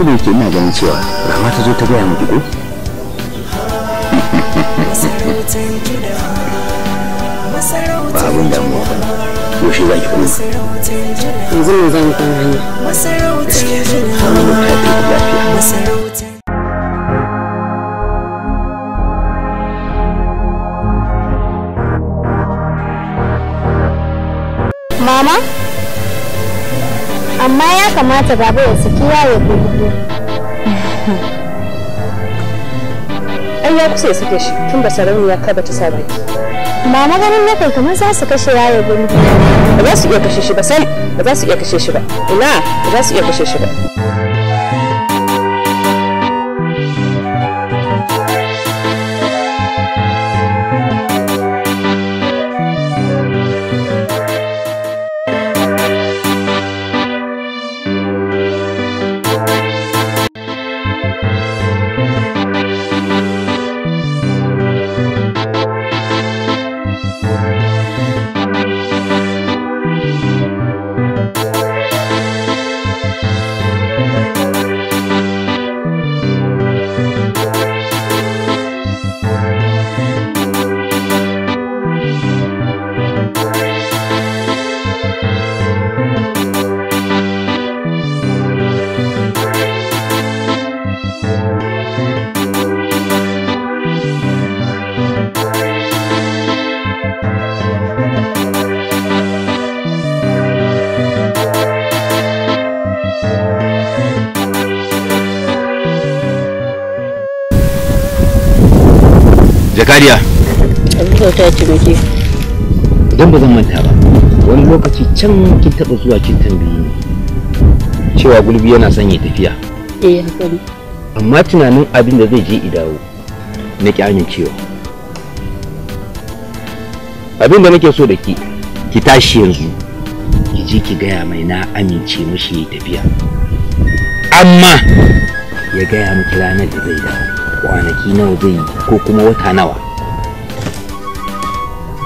ko da yake ina ganin cewa rama ta zo ta gaya mu ko ba abin damuwa ba yaushe za ki kuma yanzu ne zan kan Mama, amma ya kamata gaba ya saki yawo gobe. ai ya kusa ya sake shi tun ba sarauniya ka bata sa baki ba na ganin na kai kamar za su kashe yaya gumi ba za su iya kashe shi ba sai ba za su iya kashe shi ba ina ba za su iya kashe shi ba Mariya. muke. Idan ba zan manta ba, wani lokaci can kin taɓa zuwa kin tambayi cewa gulbi yana son ya tafiya. Eh haka ne. Amma tunanin abin da zai je idawo na ki amincewa. Abin da nake so da ki, ki tashi yanzu. Ki je ki gaya mai na amince mishi ya tafiya. Amma ya gaya miki ranar da zai da, kwanaki nawa zai yi ko kuma wata nawa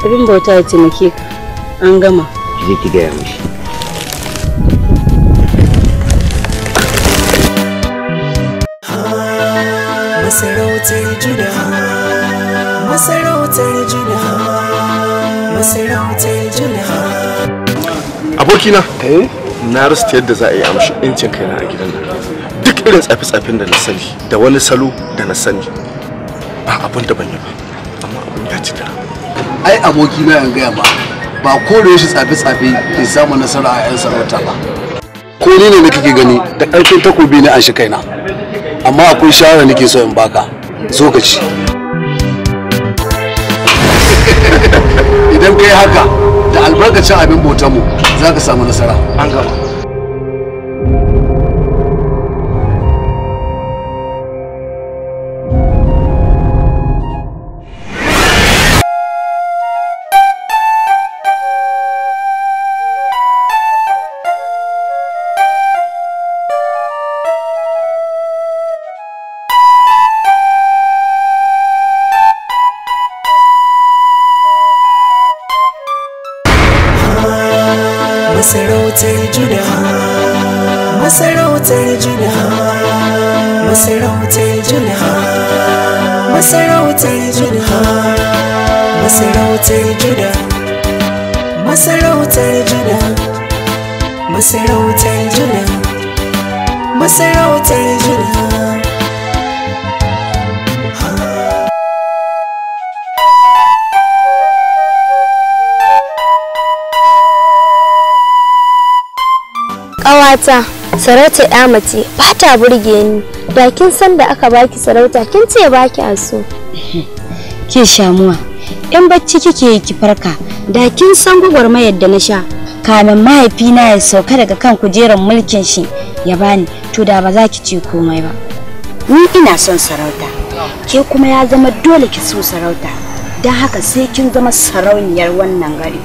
abin bauta ya taimake ka an gama je ki gaya mishi masarautar juda masarautar abokina eh? na rasta yadda za a yi amshi incin kaina a gidan nan duk irin tsafi-tsafin da na sani da wani salo da na sani ba abin da ban yi ba amma abin ya ci tara ai aboki na yan gaya ba ba ko da shi tsafi tsafe ke samu nasara a 'yan sarauta ba ko ni ne kake gani da ƙarfin takobi ne an shi kaina amma akwai shawara nake so in baka zo ka ci idan kai haka da albarkacin abin bautar mu za ka samu nasara an gaba Yata, sarauta ya mace ba ta burge ni. Da kin san da aka baki sarauta kin ce baki a so. Ke shamuwa, in bacci kike yi ki farka, da kin san gwagwarmayar da na sha. Kamin mahaifina ya sauka daga kan kujerar mulkin shi ya bani, to da ba za ki ce komai ba. Ni ina son sarauta, ke kuma ya zama dole ki so sarauta, don haka sai kin zama sarauniyar wannan gari.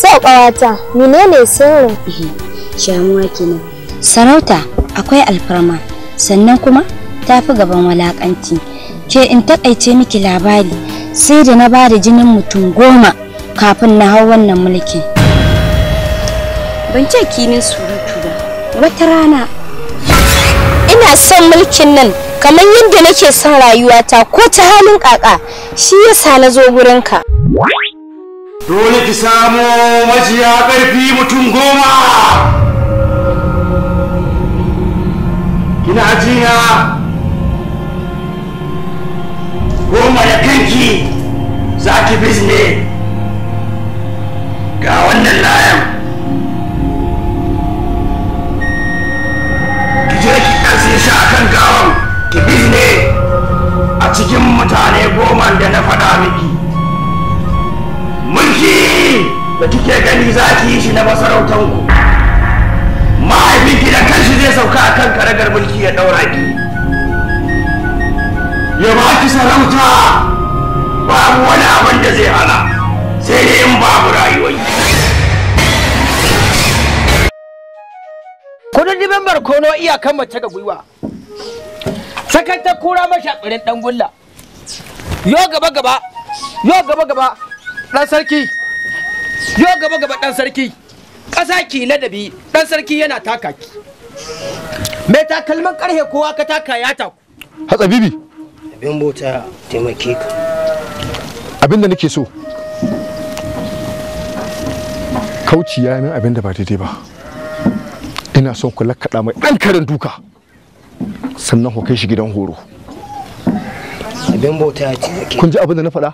Ta ƙawata, menene sirrin? shamuwa kenan sarauta akwai alfarma sannan kuma ta fi gaban walakanci ke in takaice miki labari sai da na bada jinin mutum goma kafin na hau wannan mulki ban ce kinin surutu ba wata rana ina son mulkin nan kamar yadda nake son rayuwata ko ta halin kaka shi yasa na zo gurinka dole ki samo majiya ƙarfi mutum goma kina ajiya goma da kanki za ki bizne ga wannan layan ki je ki kasi shi a kan gawan ki bizne a cikin mutane goma da na faɗa miki mulki da kike gani za ki yi shi na masarautanku ma mijinki da kanshi zai sauka a kan karagar mulki ya ɗaura ki ya ba ki sarauta babu wani abin da zai hana sai dai in babu yi. kudin dimin barkono iyakan mace ga gwiwa sakan ta kura masha tsirin dan gulla yo gaba gaba yo gaba gaba dan sarki yo gaba gaba dan sarki ƙasa ki ladabi ɗan sarki yana taka ki mai takalman ƙarhe kowa ka taka ya taku bibi abin bota taimake ka abin da nake so kauci ya min abin da ba daidai ba ina son ku lakkaɗa mai ɗan karen duka sannan ku kai shi gidan horo abin bota ya taimake kun ji abin da na faɗa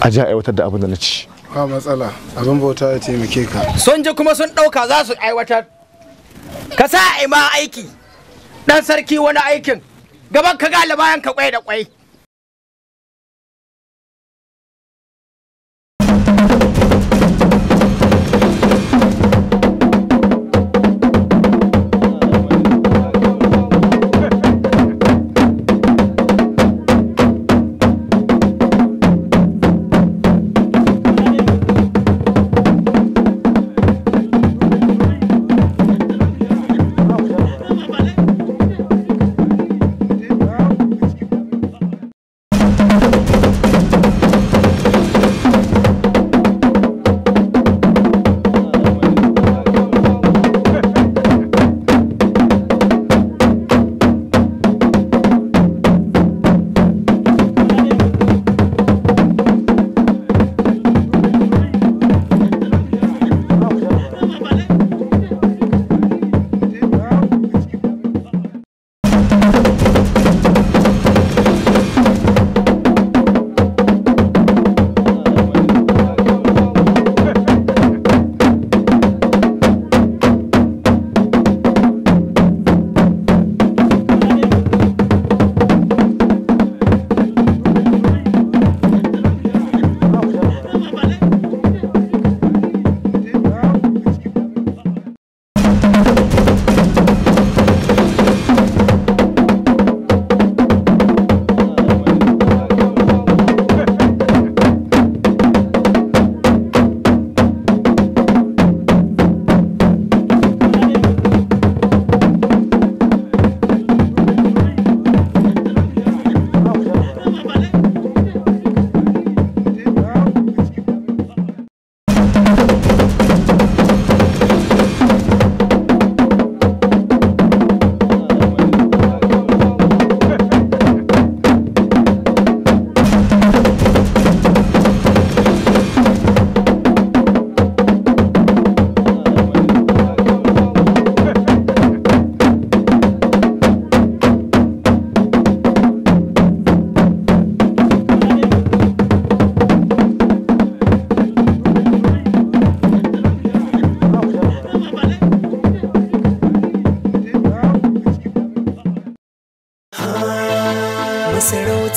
a ji a aiwatar da abin da na ci ba matsala abin bauta ya taimake ka sun ji kuma sun ɗauka za su aiwatar ka sa a ma aiki dan sarki wani aikin gaban ka labayan ka kwai da kwai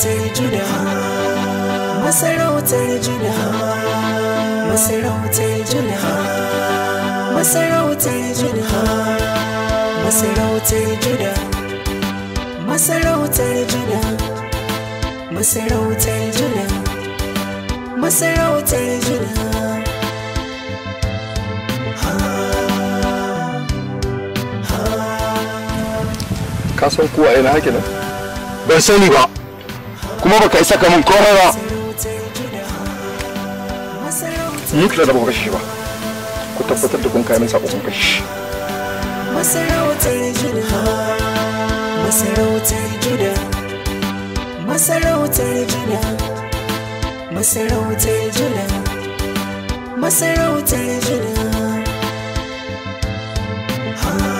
masarautar juna masarautar juna masarautar juna masarautar juna masarautar juna masarautar juda masarautar juda masarautar juda ka san kuwa ina haka nan ban sani ba kuma baka isa ka mun komai ba ni kira da baka shi ba ku tabbatar da kun kai min sako kun kashi masarautar gida masarautar gida masarautar gida masarautar gida masarautar gida ha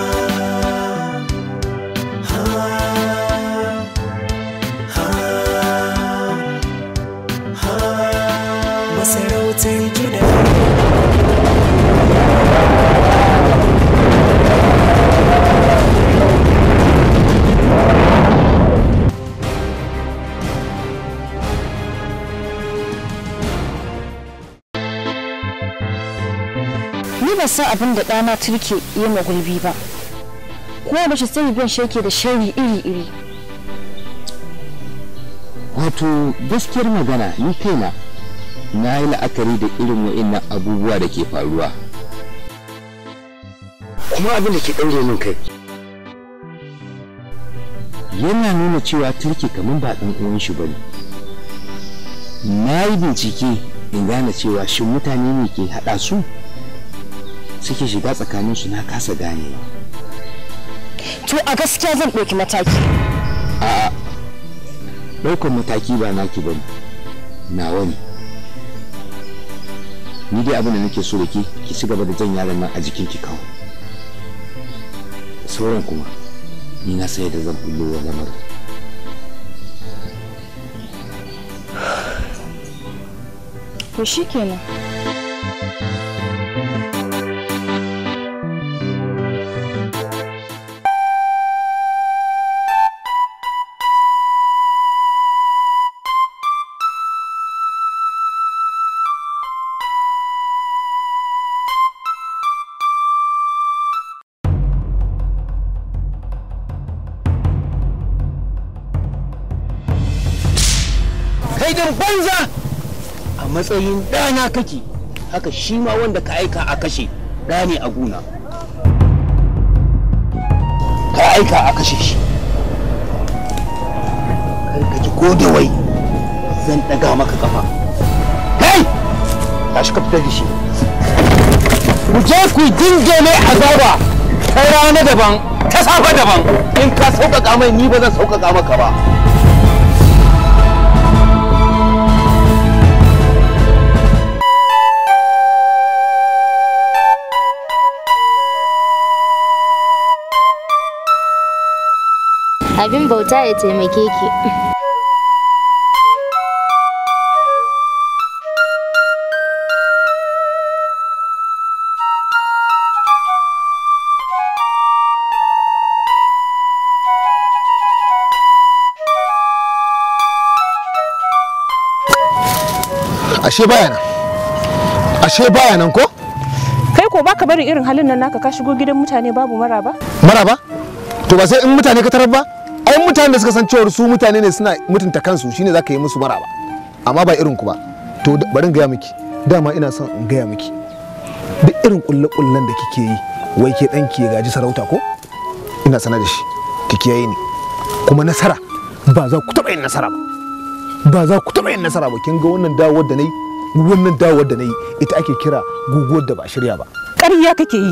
ba sa abin da ɗana turke ya ma gulbi ba kuma ba shi sani ban shi da shari iri-iri wato gaskiyar magana ni kaina na yi la'akari da irin wa'innan abubuwa da ke faruwa kuma abin da ke ɗaure min kai yana nuna cewa turki kamar ba ɗan uwan shi bane na yi bincike in gane cewa shin mutane ne ke haɗa su suke shiga tsakaninsu na kasa ganewa to a gaskiya zan ɗauki mataki 'a ɗaukar mataki ba naki bane na wani. ni dai abin da nake so da ki ci gaba da jan yaron nan a jikin ki kawo sauran kuma ni na sai da zan bullo wa lamarin to shikenan banza a matsayin ɗana kake haka shi ma wanda ka aika a kashe ɗa ne a guna ka aika a kashe shi kai ka ji zan ɗaga maka kafa kai tashi ka fitar da shi ku je ku dinge mai azaba ta rana daban ta safa daban in ka sauƙaƙa mai ni ba zan sauƙaƙa maka ba abin bauta ya taimake ki ashe baya nan ashe baya nan ko kai ko baka bari irin halin nan naka ka shigo gidan mutane babu maraba maraba to ba sai in mutane ka tarar ba mutanen da suka san cewar su mutane ne suna mutunta kansu shine zaka yi musu maraba amma ba irin ku ba to bari in gaya miki dama ina son in gaya miki duk irin kulle-kullen da kike yi wai ke dan ki gaji sarauta ko ina sana da shi kike yi ni kuma nasara ba za ku taba yin nasara ba ba za ku taɓa yin nasara ba kin ga wannan dawowar da nayi wannan dawowar da nayi ita ake kira guguwar da ba shirya ba ƙarya kake yi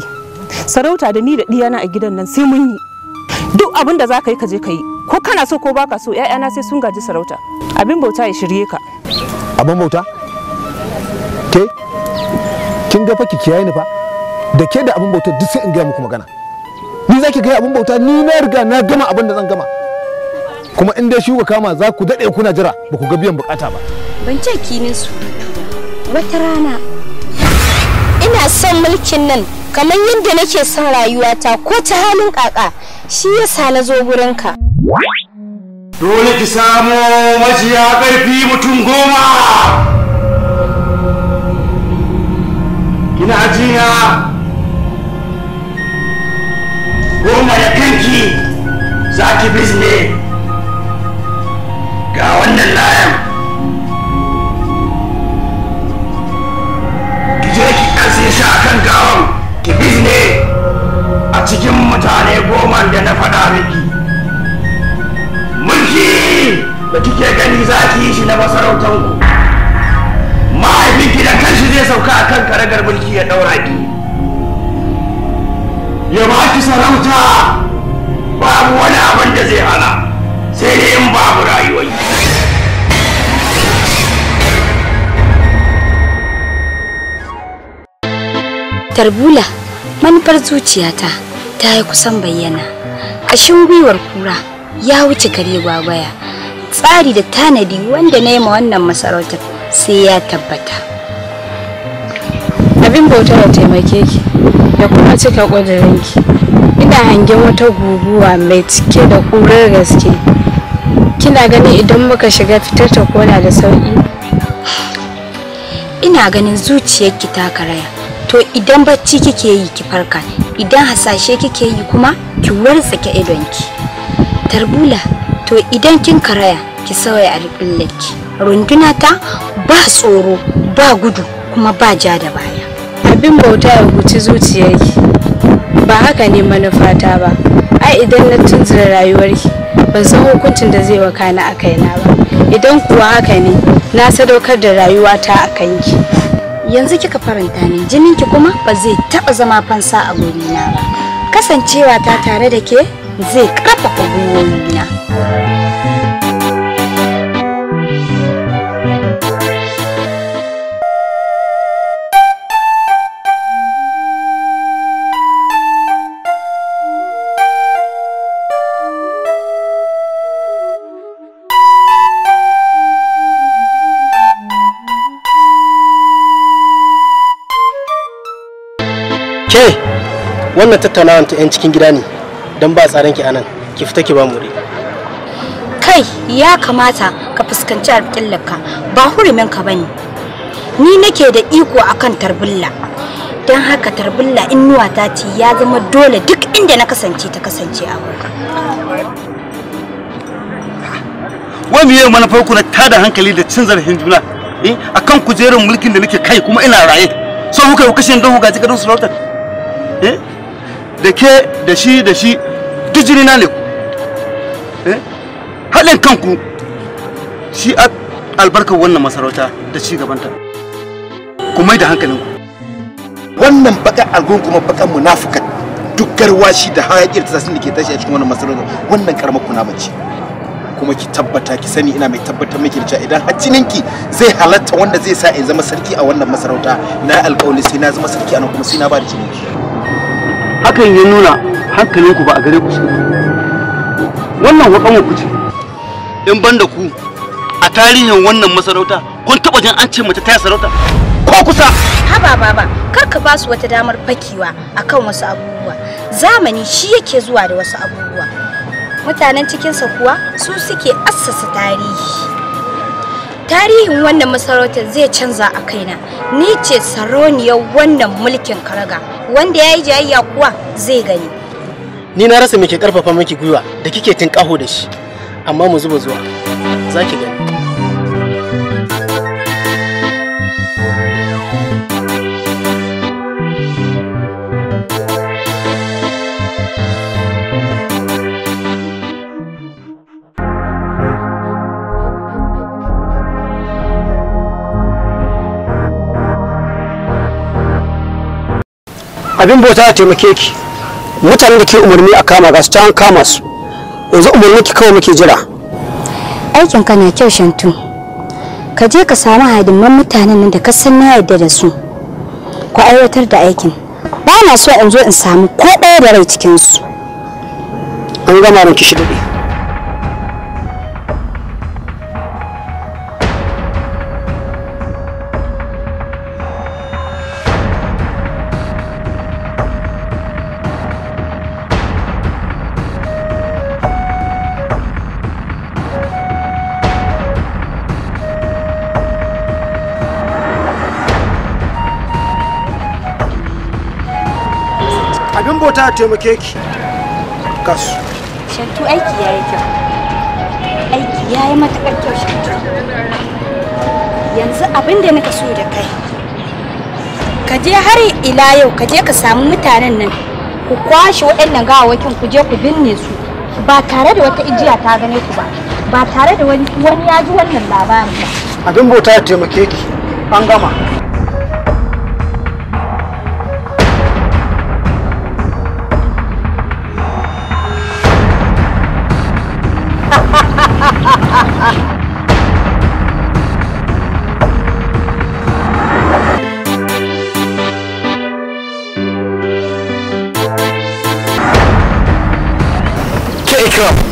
sarauta da ni da ɗiyana a gidan nan sai mun yi duk abin da za ka yi ka je ka yi ko kana so ko baka so ƴaƴana sai sun gaji sarauta abin bauta ya shirye ka abin bauta ke kin ga fa ki kiyaye ni fa da ke da abin bauta duk sai in gaya muku magana ni zaki kai abin bauta ni na riga na gama abin da zan gama kuma in dai shuka kama za ku daɗe kuna jira ba ku ga biyan bukata ba ban ce kinin su wata rana ina son mulkin nan kamar yadda nake son rayuwata ko ta halin kaka shi yasa na zo gurinka. ka Dole ki samo majiya ƙarfi mutum goma! Kina jina goma da kanki za ki bizne ga wannan layan. Ki je ki kasi shi a kan gawan ki bizne a cikin mutane goma da na faɗa miki. da kike gani za ki yi shi na masarautar ku mahaifinki da kanshi zai sauka a kan karagar mulki ya daura ki ya ba ki sarauta babu wani abin da zai hana sai dai in babu rayuwar tarbula manufar zuciyata ta yi kusan bayyana ƙashin gwiwar kura ya wuce kare gwagwaya tsari da tanadi wanda na yi ma wannan masarautar sai ya tabbata abin bauta ya taimake ki da kuma cika ƙudurinki ina hangen wata guguwa mai cike da ƙurar gaske kina ganin idan muka shiga fitar ta kona da sauƙi ina ganin zuciyarki ta karaya to idan bacci kike yi ki farka idan hasashe kike yi kuma ki wartsake idonki tarbula to idan kin karaya ki sauya alƙullaki runduna ta ba tsoro ba gudu kuma ba ja da baya abin bauta ya guci zuciyarki ba haka ne manufata ba ai idan na tunzura rayuwarki ban san hukuncin da zai na a kaina ba idan kuwa haka ne na sadaukar da rayuwata a kanki yanzu kika faranta ni jininki kuma ba zai taba zama fansa a gurina ba kasancewa ta tare da ke zai karfafa gwiwoyina wannan tattaunawar ta 'yan cikin gida ne don ba tsaron ki anan ki fita ki ba mu kai ya kamata ka fuskanci alƙillarka ba huruminka ba ne ni nake da iko akan tarbilla don haka tarbilla inuwa ta ce ya zama dole duk inda na kasance ta kasance a wurin wai mana manufar ku na tada hankali da cin zarafin juna eh akan kujerar mulkin da nake kai kuma ina raye so kuka yi kashe don hukaci gadon sarautar eh da ke da shi da shi duk na ne haɗin kanku shi albarkar wannan masarauta da ci gabanta ku mai da hankalinku wannan baka algon kuma baka munafuka duk garwashi da hayaƙi da tasirin da ke tashi a cikin wannan masarauta wannan karamar kuna bace kuma ki tabbata ki sani ina mai tabbatar miki da cewa idan hajjininki zai halatta wanda zai sa in zama sarki a wannan masarauta na alƙawari sai na zama sarki a nan kuma sai na ba da jininki hakan ya nuna hankalinku ba a gare ku wannan wakan ku ce in ban da ku a tarihin wannan masarauta kun taba jin an ce mace ta sarauta ko kusa haba baba kar ka ba su wata damar fakewa akan wasu abubuwa zamani shi yake zuwa da wasu abubuwa mutanen cikinsa kuwa su suke assasa tarihi tarihin wannan masarautar zai canza a kaina ni ce sarauniyar wannan mulkin karaga wanda ya yi jayayya kuwa zai gani ni na rasa me ƙarfafa karfafa miki gwiwa da kike tinkaho da shi amma mu zuba zuwa za ki gani abin bauta a taimake ki mutanen da ke umarni a kama ga su ta an kama su yanzu umarniki kawai muke jira aikin ka na kyau shantu ka je ka samu hadimman mutanen nan da ka san na yarda da su ku aiwatar da aikin ba na so in zo in samu ko ɗaya da rai cikinsu an gama ranki shi daɗe fata taimake ki kasu shantu aiki ya yi kyau aiki ya yi matuƙar kyau shantu yanzu abin da nika so da kai ka je har ila yau ka je ka samu mutanen nan ku kwashe waɗannan gawawakin ku je ku binne su ba tare da wata ijiya ta gane ku ba ba tare da wani ya ji wannan labarin ba abin bauta ya taimake ki an gama up.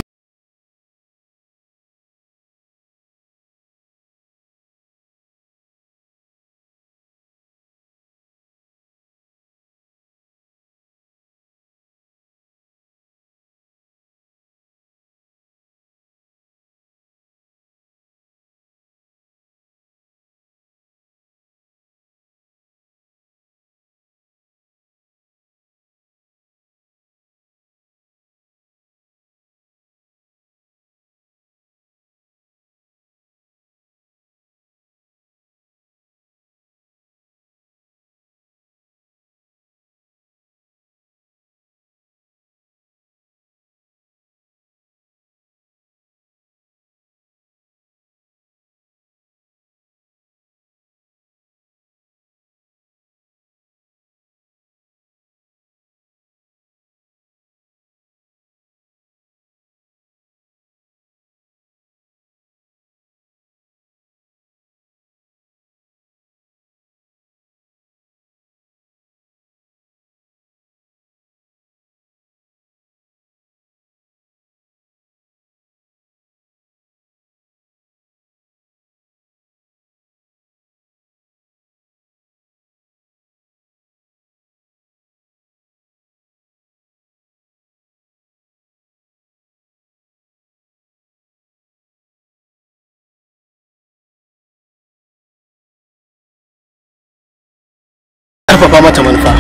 karfafa mata manufa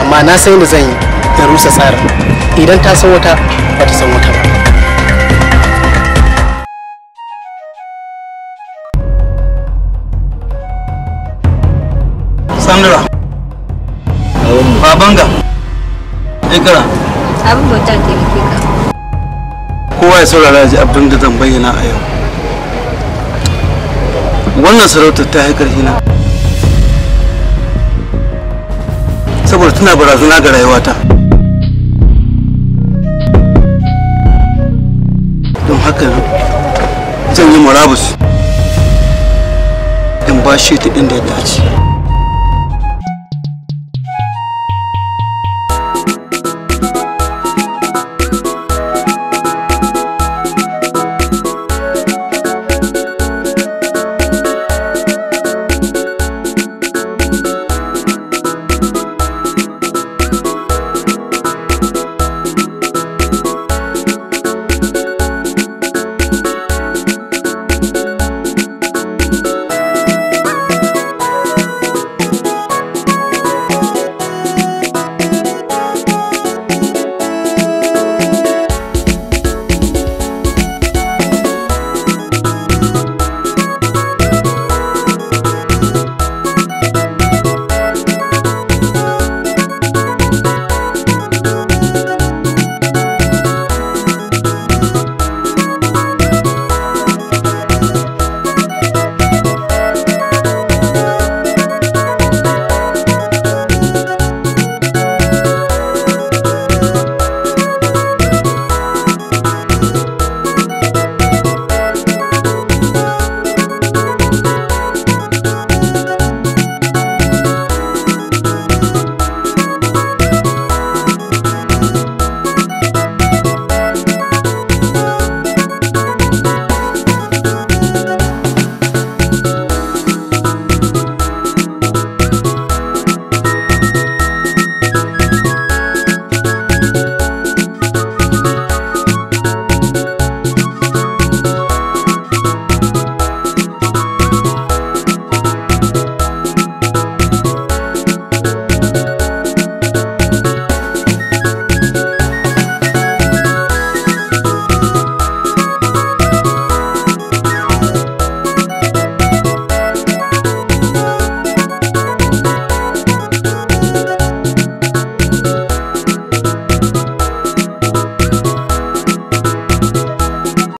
amma na san yadda zan yi in rusa tsarin idan ta san wata ba ta san wata ba Sandra. Babanga. Ikira. Abin bautar ke nufi ka. Kowa ya saurara ji abin da zan bayyana a yau. Wannan sarautar ta haikar hina. saboda tana barazana ga rayuwata don haka zan yi murabus in bashi ta inda ya dace